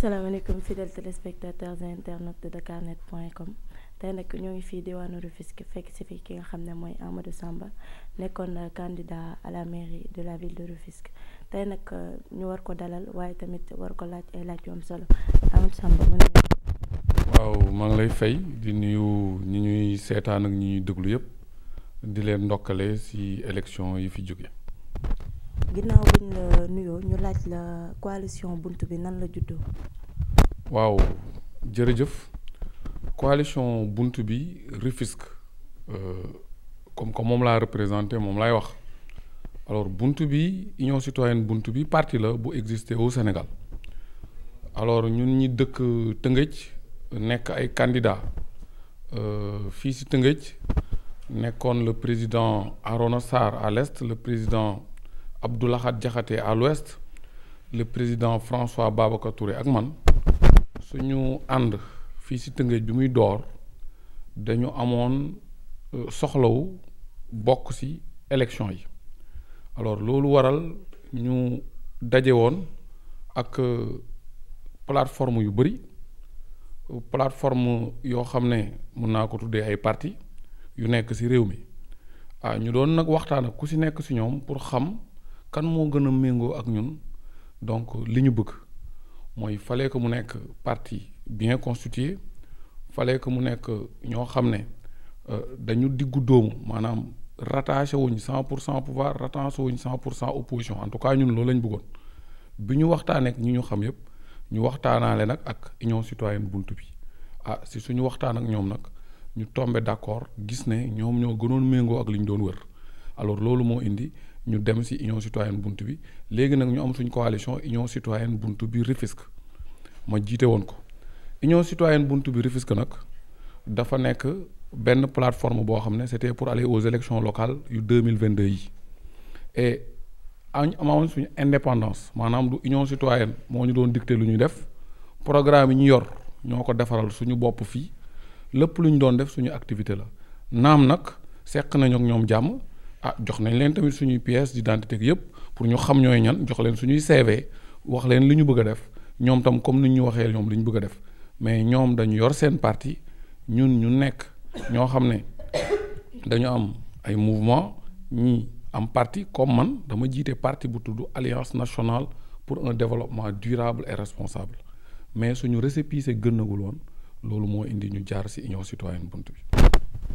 asalaamaaleykum fidèles téléspectateurs et internautes de dakarnet point com tey nag ñoo ngi fii diwaanu Rufisque fekk si fi ki nga xam ne mooy Amadou Samba nekkoon euh, candidat à la mairie de la ville de Rufisque tey nag euh, ñu war ko dalal waaye tamit war ko laaj ay laaj yu am solo Amadou Samba mu nuyu. waaw maa ngi lay fay di nuyu ñi ñuy seetaan ak ñu ñuy déglu yëpp di leen ndokkale si élection yi fi jóge ginnaaw buñ la nuyoo ñu laaj la coalition bunt bi nan la juddoo. waaw jërëjëf coalition bunt bi Rufisque euh, comme que moom laa représenté moom laay wax alors bunt bi union citoyenne bunt bi parti la bu exister au Sénégal alors ñun ñi dëkk Tëngëj nekk ay candidats euh, fii si Tëngëj nekkoon le président Arona Sarr à l'est le président. Abdoulahat Diakhaté à l'ouest le président François Babacar Touré ak man ñu ànd fii si Tëngéej bi muy door dañu amoon euh, soxlawu bokk si élection yi alors loolu waral ñu daje woon ak euh, plateforme yu bëri euh, plateforme yoo xam ne mën naa ko tuddee ay parti yu nekk ci réew mi ah ñu doon nag waxtaan ak ku si nekk ci ñoom pour xam kan moo gën a méngoo ak ñun donc li ñu bëgg mooy falee ko mu nekk parti bien constitué falee que mu nekk ñoo xam ne euh, dañu diggu dóomu maanaam rattaché wuñ cent pour cent pouvoir rattaché wuñ cent pour cent opposition en tout cas ñun loolu lañ bëggoon bi ñu waxtaanee ak ñi ñu xam yëpp ñu waxtaanaale nag ak union citoyenne bunt bi ah si suñu waxtaan ak ñoom nag ñu tombe d'accord gis ne ñoom ñoo gënoon méngoo ak li ñu doon wër alors loolu moo indi ñu dem si union citoyenne bunt bi léegi nag ñu am suñ coalition union citoyenne bunt bi Rufisque ma jiite woon ko union citoyenne bunt bi Rufisque nag dafa nekk benn plateforme boo xam ne c'était pour aller aux élections locales yu deux mille vingt deux yi et añ amawoon suñu indépendance maanaam du union citoyenne moo ñu doon dicté lu ñu def programme yi ñu yor ñoo ko defaral suñu bopp fii lépp lu ñu doon def suñu activité la naam nag seq nañu ak ñoom jàmm. ah jox nañ leen tamit suñuy pièces d'identité yëpp pour ñu xam ñooy ñan jox leen suñuy CV wax leen li ñu bëgg a def ñoom tam comme ni ñu waxee ñoom li ñu bëgg def mais ñoom dañu yor seen parti ñun ñu nekk ñoo xam ne dañu am ay mouvement ñi am parti comme man dama jiite parti bu tudd alliance nationale pour un développement durable et responsable mais suñu récépissé gënagul woon loolu moo indi ñu jaar ci union citoyenne bunt bi.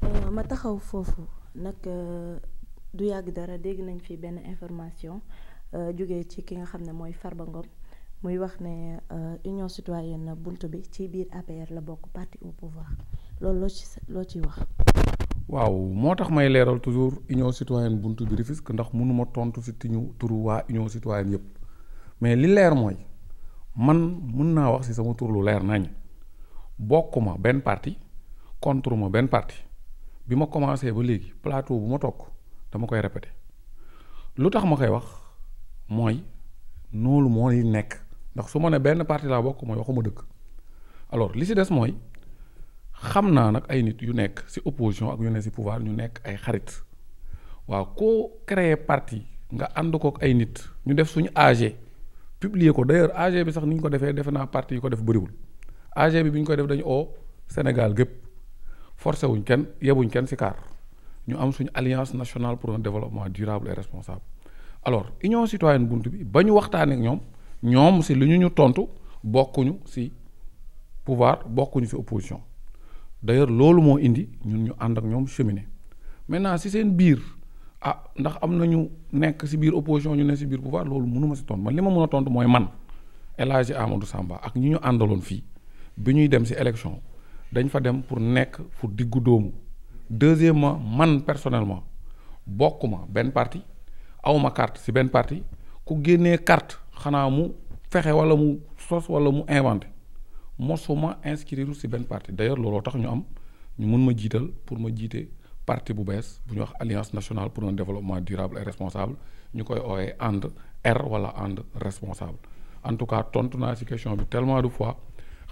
Euh, ma taxaw foofu euh, du yàgg dara dégg nañ fi benn information euh, jóge ci ki nga xam ne mooy Farba Ngom muy wax ne euh, Union Citoyenne bunt bi ci biir APR la bokk parti au pouvoir loolu loo ci loo ciy wax. waaw moo tax may leeral toujours Union Citoyenne bunt bi Rufisque ndax mënuma tontu si tiñu turu waa Union Citoyenne yëpp mais li leer mooy man mun naa wax si sama tur lu leer nañ ma benn parti contre ma benn parti bi ma commencé ba léegi plateau bu ma toog. dama koy répété lu tax ma koy wax mooy noolu mooy nekk ndax su ma ne benn parti laa bokk mooy waxuma dëkk alors li si des mooy xam naa nag ay nit yu nekk si opposition ak yone ne pouvoir ñu nekk ay xarit waaw koo créer parti nga ànd kook ay nit ñu def suñu age publier ko d'ailleurs age bi sax ni ñu ko defee defe naa parti yi ko def bëriwul AG bi bi ñu koy def dañu oo Sénégal gépp forcé wuñ kenn yebuñ kenn si kaar ñu am suñu alliance nationale pour un développement durable et responsable alors union citoyenne bunt bi ba ñu waxtaanee ak ñoom ñoom si li ñu ñu tontu bokkuñu si pouvoir bokkuñu si opposition d'ailleurs loolu moo indi ñun ñu ànd ak ñoom cheminer maintenant si seen biir a ah, ndax am na ñu nekk si biir opposition ñu ne si biir pouvoir loolu mënuma si tontu man li ma mën a tontu mooy man El Hadji Amadou Samba ak ñu ñu àndaloon fii bi ñuy dem si élection dañ fa dem pour nekk fu diggu dóomu. deuxièmement man personnellement bokkuma benn parti awma carte ci benn parti ku génnee carte xanaa mu fexe walla mu sos walla mu inventé mosuma inscrire si benn parti d'ailleurs looloo tax ñu am ñu mun ma jiital pour ma jiite parti bu bees bu ñuy wax alliance nationale pour un développement durable et responsable ñu koy ooyee ànd R walla ànd responsable en tout cas tontu naa si question bi tellement de fois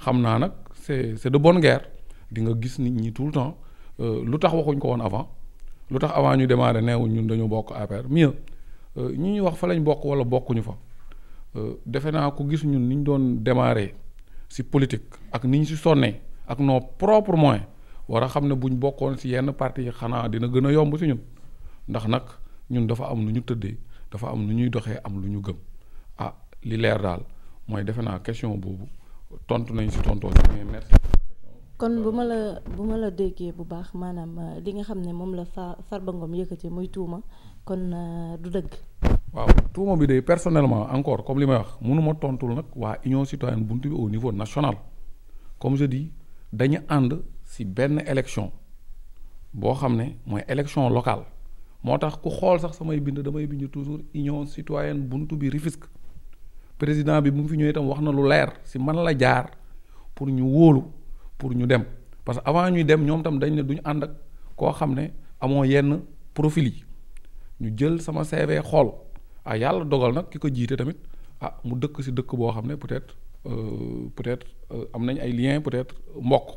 xam naa nag c'est c'est de bonne guerre di nga gis nit ñi tout le temps Euh, lu tax waxuñ ko woon avant lu tax avant ñu démarrer neewuñ ñun dañu bokk APR mieux euh, ñi ñuy wax fa lañ bokk wala bokkuñu fa euh, defe naa ko gis ñun ni ñu doon démarrer si politique ak ni ñu si sonnee ak noo propres moins war a xam ne buñ bokkoon si yenn parti yi xanaa dina gën a yomb si ñun ndax nag ñun dafa am lu ñu tëddee dafa am lu ñuy doxee am lu ñu gëm ah li leer daal mooy defe naa question boobu tontu nañ si tontoo ñu mais merci kon bu ma la bu ma la déggee bu baax maanaam euh, li nga xam ne moom la fa Farba Ngom yëkkati muy tuuma kon euh, du dëgg. waaw tuuma bi de personnellement encore comme li may wax mënuma tontul nag waa union citoyenne buntu bi au niveau national comme je dis dañu ànd si benn élection boo xam ne mooy élection locale moo tax ku xool sax samay bind damay bind toujours union citoyenne buntu bi Rufisque président bi bu mu fi ñëwee tam wax na lu leer si man la jaar pour ñu wóolu. pour ñu dem parce que avant ñuy dem ñoom tam dañ ne duñu ànd ak koo xam ne amoo yenn profil yi ñu jël sama CV xool a ah, yàlla dogal nag ki ko jiite tamit ah mu dëkk si dëkk boo xam ne peut-être euh, peut-être euh, am nañ ay liens peut-être mbokk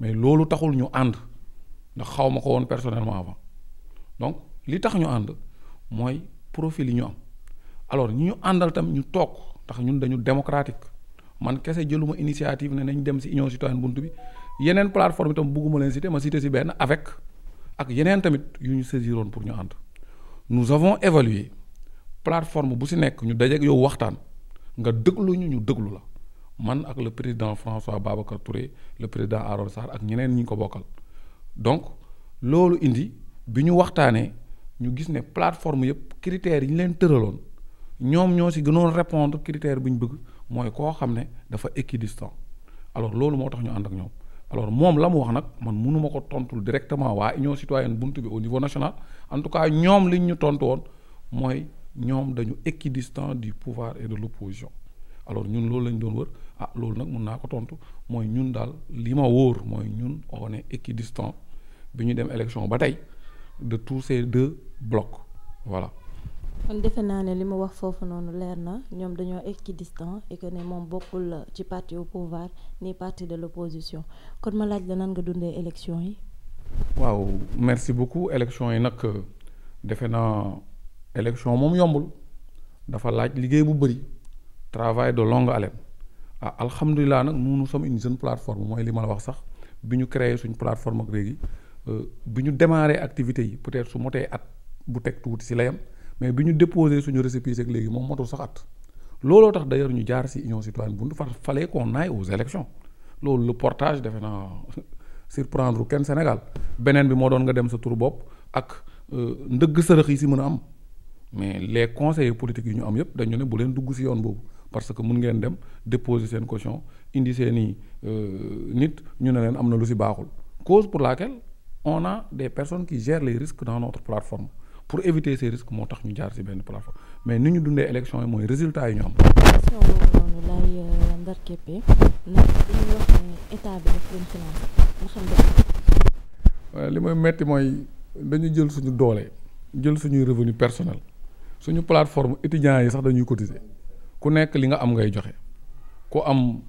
mais loolu taxul ñu ànd ndax xaw ma ko woon personnellement avant donc li tax ñu ànd mooy profil yi ñu am alors ñu ñu àndal tam ñu toog ndax ñun dañu démocratique man kese jëluma initiative ne nañ dem si union citoyenne bunt bi yeneen plateforme itam bugguma leen citer ma citer si benn avec ak yeneen tamit yu ñu saisiroon pour ñu ànd nous avons évalué plateforme bu si nekk ñu dajeeg yow waxtaan nga déglu ñu ñu déglu la man ak le président François Babacar Touré le président Aaron sar ak ñeneen ñi ñu ko bokkal donc loolu indi bi ñu waxtaanee ñu gis ne plateforme yëpp critères yi ñu leen tëraloon ñoom ñoo si gënoon répondre critère bi ñu bëgg mooy koo xam ne dafa équidistant alors loolu moo tax ñu ànd ak ñoom alors moom la mu wax nag man munuma ko tontu directement waa union citoyenne bunt bi au niveau national en tout cas ñoom liñ ñu tontu woon mooy ñoom dañu équidistant du pouvoir et de l'opposition alors ñun loolu lañ doon wër ah loolu nag mun naa ko tontu mooy ñun daal li ma wóor mooy ñun on est équidistant bi ñu dem élection ba tey de tous ces deux blocs voilà kon defe naa ne li ma wax foofu noonu leer na ñoom dañoo équidistant et que ne moom bokkul ci parti au pouvoir ni parti de l'opposition kon ma laaj la nan nga dundee élection yi. waaw merci beaucoup élection yi nag defe naa élection moom yombul dafa laaj liggéey bu bëri travail de longue haleine ah alhamdulilah nag nous nous sommes une plateforme mooy li ma la wax sax bi ñu créé suñ plateforme ak léegi euh, bi ñu démarré activité yi peut-être su motee at bu teg tuuti si layam mais bi ñu déposé suñu récépissé ak léegi moom motul sax at looloo tax d'ailleurs ñu jaar ci union citoyenne bu ñu fa fallait qu'on aille aux élections loolu le portage defe naa surprendre kenn Sénégal beneen bi moo doon nga dem sa tur bopp ak euh, ndëgg sërëx yi si mën a am mais les conseillers politiques yi ñu am yépp dañu ne bu leen dugg ci yoon boobu parce que mun ngeen dem déposer seen caution indi seeni euh, nit ñu ne leen am na lu si baaxul cause pour laquelle on a des personnes qui gèrent les risques dans plateforme pour éviter ces risques moo tax ñu jaar ci benn plateforme mais ni ñu dundee élection yi mooy résultat yi ñu am. question euh, li mooy metti mooy dañu jël suñu doole jël suñuy revenu personnel suñu plateforme étudiants yi sax dañuy cotiser ku nekk li nga am ngay joxe ku am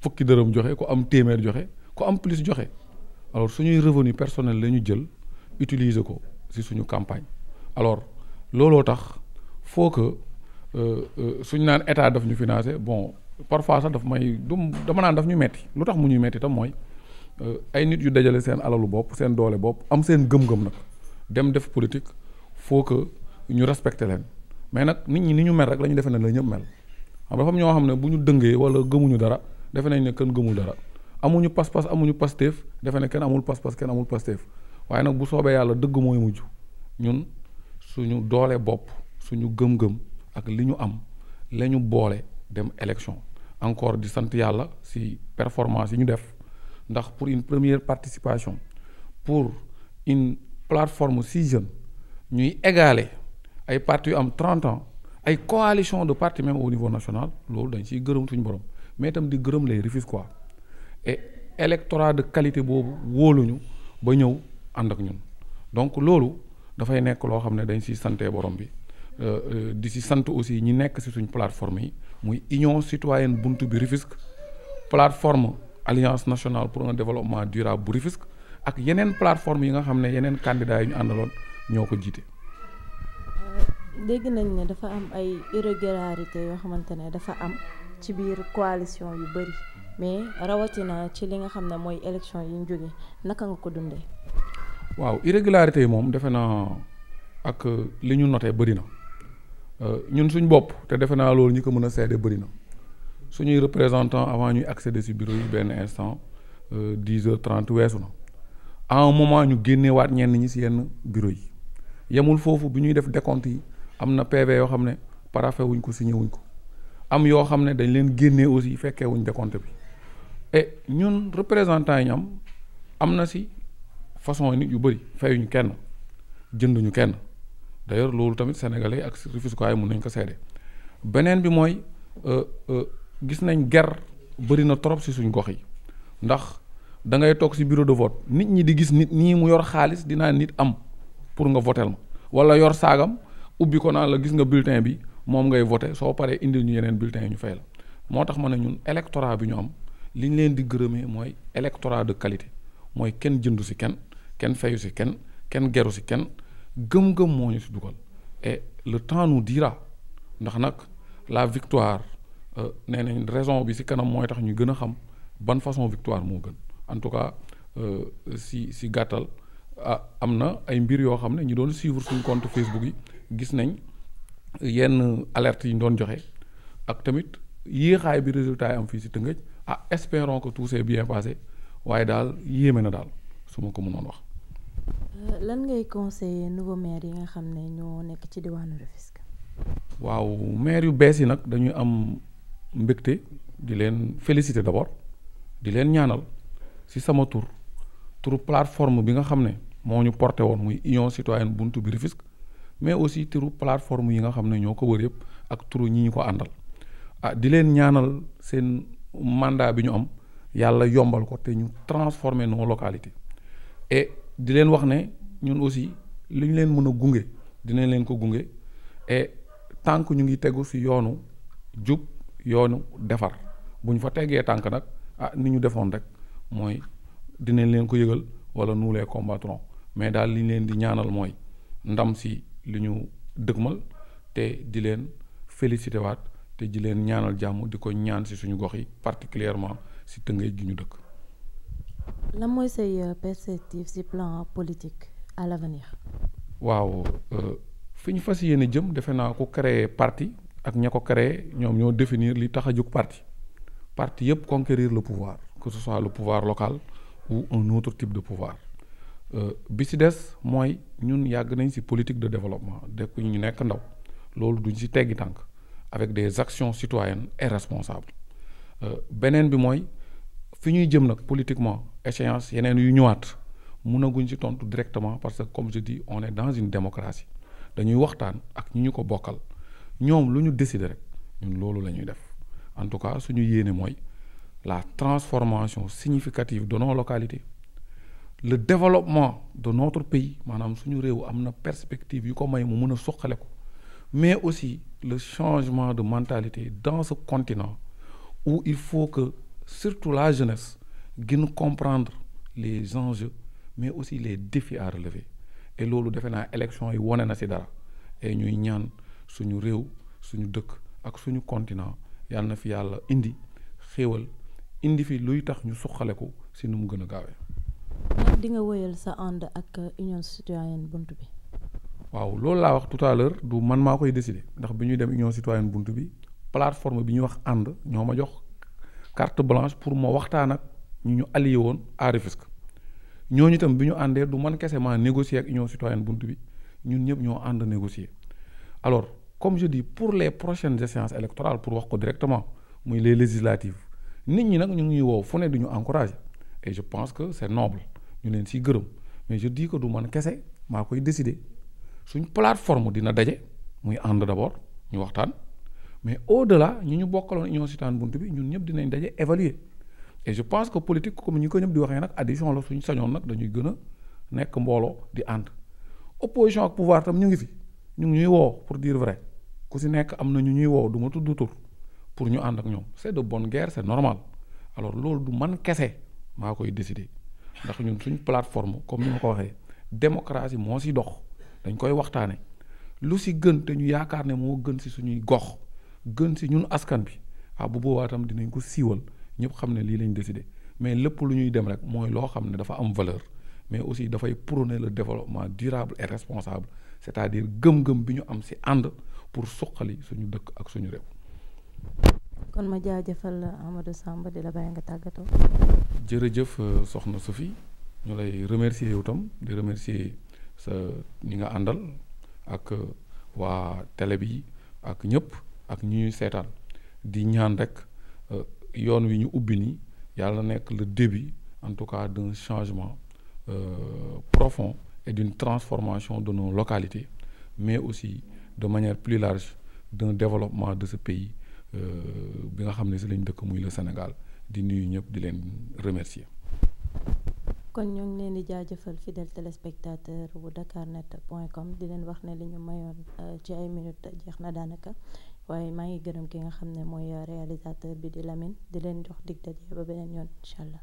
fukki dërëm joxe ku am téeméer joxe ku am plus joxe alors suñuy revenu personnel la ñu jël utiliser ko si suñu campagne. alors looloo tax faut que euh, euh, suñ naan état daf ñu financé bon parfois sax daf may du dama naan daf ñu metti lu tax mu ñuy metti tam mooy euh, ay nit yu dajale seen alalu bopp seen doole bopp am seen gëm-gëm nag dem def politique faut que ñu respecté leen mais nag nit ñi ni ñu mel rek lañuy ñu defee la ñëpp mel xam dafa am ñoo xam ne bu ñu dëngee wala gëmuñu dara defe nañ ne kenn gëmul dara amuñu pas-pas amuñu pasteef defe ne kenn amul pas-pas kenn amul pasteef waaye nag bu soobee yàlla dëgg mooy mujj ñun. suñu doole bopp suñu gëm-gëm ak li ñu am la ñu boole dem élection encore di sant yàlla si performance yi ñu def ndax pour une première participation pour une plateforme si jeune ñuy égaler ay parti yu am trente ans ay coalition de parti même au niveau national loolu dañ ciy gërëm suñu borom mais itam di gërëm les Rufisquois et électorat de qualité boobu wóoluñu ba ñëw ànd ak ñun donc loolu dafay nekk loo xam ne dañ siy sante borom bi euh, euh, di si sant aussi ñi nekk si suñ plateforme yi muy union citoyenne bunt bi Rufisque plateforme alliance nationale pour un développement durable bu Rufisque ak yeneen plateforme yi nga xam ne yeneen candidats yi ñu àndaloon ñoo ko jiite. Euh, dégg nañ ne dafa am ay irrégularité yoo xamante ne dafa am ci biir coalition yu bëri mais rawatina ci li nga xam ne mooy élection yi ñu naka nga ko dundee. waaw irrégularité yi moom defe naa ak li ñu noté bëri na euh, ñun suñ bopp te defe naa loolu ñu ko mën a seede bëri na suñuy représentant avant ñuy accéder si bureau yi benn instant euh, dix heures trente weesu na à un moment ñu génneewaat ñenn ñi si yenn bureau yi yemul foofu bi ñuy def décompte yi am na PV yoo xam ne parafe wuñ ko si ñëwuñ ko am yoo xam ne dañ leen génnee aussi fekkee wuñ décompte bi et ñun représentant yi ñu am am na si. façon nit yu bëri fayuñu kenn jënduñu kenn d'ailleurs loolu tamit sénégalais ak Rufisquois mun nañ ko seede beneen bi mooy euh, euh, gis nañ ger bëri na trop si suñ gox yi ndax dangay toog si bureau de vote nit ñi di gis nit ñii mu yor xaalis dinaa nit am pour nga votel ma wala yor saagam ubbi ko naan la gis nga bulletin bi moom ngay vote soo paree indi ñu yeneen bulletin yi ñu fay la moo tax ma ne ñun électorat bi ñu am li ñu leen di gërëmee mooy électorat de qualité mooy kenn jëndu si kenn kenn fayu si kenn kenn geru si kenn gëm-gëm moo ñu si dugal et le temps nous dira ndax nag la victoire euh, nee nañ raison bi si kanam mooy tax ñu gën a xam ban façon victoire moo gën en tout cas euh, si si gàttal am na ay mbir yoo xam ne ñu doon suivre suñu compte Facebook yi gis nañ yenn alertes yi ñu doon joxe ak tamit yéexaay bi résultat am fii si Tëngëj ah espérons que tout s'est bien passé waaye daal yéeme na daal su ma ko mënoon wax. Euh, lan ngay conseiller nouveau maire yi nga xam ne ñoo nekk ci diwaanu Rufisque. waaw maire yu bees yi nag dañuy am mbégte di leen féliciter d'abord di leen ñaanal si sama tur turu plateforme bi nga xam ne moo ñu porté woon muy union citoyenne bunt bi Rufisque mais aussi turu plateforme yi nga xam ne ñoo ko wër yëpp ak turu ñi ñu ko àndal ah di leen ñaanal seen mandat bi ñu am yàlla yombal ko te ñu transformer nos localités di leen wax ne ñun aussi li ñu leen mën a gunge dinañ leen ko gunge et tànk ñu ngi tegu si yoonu jub yoonu defar bu ñu fa tegee tànk nag ah ni ñu defoon rek mooy dinañ leen ko yëgal wala nuule les mais daal li ñu leen di ñaanal mooy ndam si li ñu dëgmal te di leen félicité waat te di leen ñaanal jàmm di ko ñaan si suñu gox yi particulièrement si tëngéej gi ñu dëkk lan mooy say euh, perspective plan politique à l'avenir waaw euh, fi ñu fas yéene jëm defe naa ku créer parti ak ña ko créer ñoom ñoo définir li tax a parti parti yëpp conquérir le pouvoir que ce soit le pouvoir locale ou un autre type de pouvoir euh, bi ci des mooy ñun yàgg nañ ci politique de développement dëkk ñu nekk ndaw loolu duñ ci teggi tànk avec des actions citoyennes et responsables beneen bi mooy fi ñuy jëm nag politiquement échéance yeneen yu ñëwaat munaguñ ci tontu directement parce que comme je dis on est dans une démocratie dañuy waxtaan ak ñu ñu ko bokkal ñoom lu ñu décider rek ñun loolu la ñuy def en tout cas suñu yéene mooy la transformation significative de nos localités le développement de notre pays maanaam suñu réew am na perspective yu ko may mu mën a suqale ko mais aussi le changement de mentalité dans ce continent ou il faut que surtout la jeunesse gën comprendre les enjeux mais aussi les défis à relever et loolu defe naa élection yi wane na ci dara et ñuy ñaan suñu réew suñu dëkk ak suñu continent yal na fi yàlla indi xéewal indi fi luy tax ñu suqale ko si nu mu gën a gaawee. ndax di nga wéyal sa ànd ak union citoyenne bunt bi. waaw loolu laa wax tout du man maa koy décider ndax bi ñuy dem union citoyenne bunt bi plateforme bi ñuy wax ànd ñoo ma jox carte blanche pour ma waxtaan ak. ñu ñu allié woon à Rufisque ñooñu itam bi ñu àndee du man kese maa négocier ak union citoyenne bunt bi ñun ñëpp ñoo ànd négocier alors comme je di pour les prochaines échéances électorales pour wax ko directement muy les législatives nit ñi nag ñu ngi ñuy woow fu ne du ñu encouragé et je pense que c'est noble ñu leen siy gërëm mais je di ko du man kese maa koy décider suñ plateforme dina daje muy ànd d'abord ñu waxtaan mais au-delà ñi ñu ñu bokkaloon union citoyenne bunt bi ñun ñëpp dinañ daje évaluer et je pense que politique comme ñu ko ñëpp di waxee nag addition la suñu sañoon nag dañuy gëna nekk mbooloo di ànd opposition ak pouvoir tam ñu ngi fi ñu ngi ñuy woo pour dire vrai ku si nekk am na ñu ñuy woo du ma tudd tur pour ñu ànd ak ñoom c'est de bonne guerre c'est normal alors loolu du man kese maa koy décider ndax ñun suñ plateforme comme ni ma ko waxee démocratie moo si dox dañ koy waxtaane lu si gën te ñu yaakaar ne moo gën si suñuy gox gën si ñun askan bi ah boobaa tam dinañ ko siiwal ñëpp xam ne lii lañ décidé mais lépp lu ñuy dem rek mooy loo xam ne dafa am valeur mais aussi dafay prôner la développement durable et responsable c'est-à-dire gëm-gëm bi ñu am ci ànd pour suqali suñu dëkk ak suñu réew. kon ma jaajëfal Amadou Samba di la bàyyi nga tàggatoo. jërëjëf euh, soxna Sophie ñu lay remercier yow tam di remercier sa ñi nga àndal ak euh, waa télé bi ak ñépp ak ñu ñuy seetaan di ñaan rek. Euh, yoon wi ñu ubbi nii yàlla nekk le début en tout cas d'un changement euh, profond et d'une transformation de localité mais aussi de manière plus large d'un développement de ce pays euh, bi nga xam ne si lañ dëkk muy le Sénégal di nuyu ñëpp di leen remercier. kon ñoo ngi leen di jaajëfal fidèle téléspectateur bu dakarnet point com di leen wax ne li ñu mayoon euh, ci ay minutes jeex na daanaka. waaye maa ngi gërëm ki nga xam ne mooy réalisateur bi di Lamine di leen jox dig daje ba beneen yoon incha allah.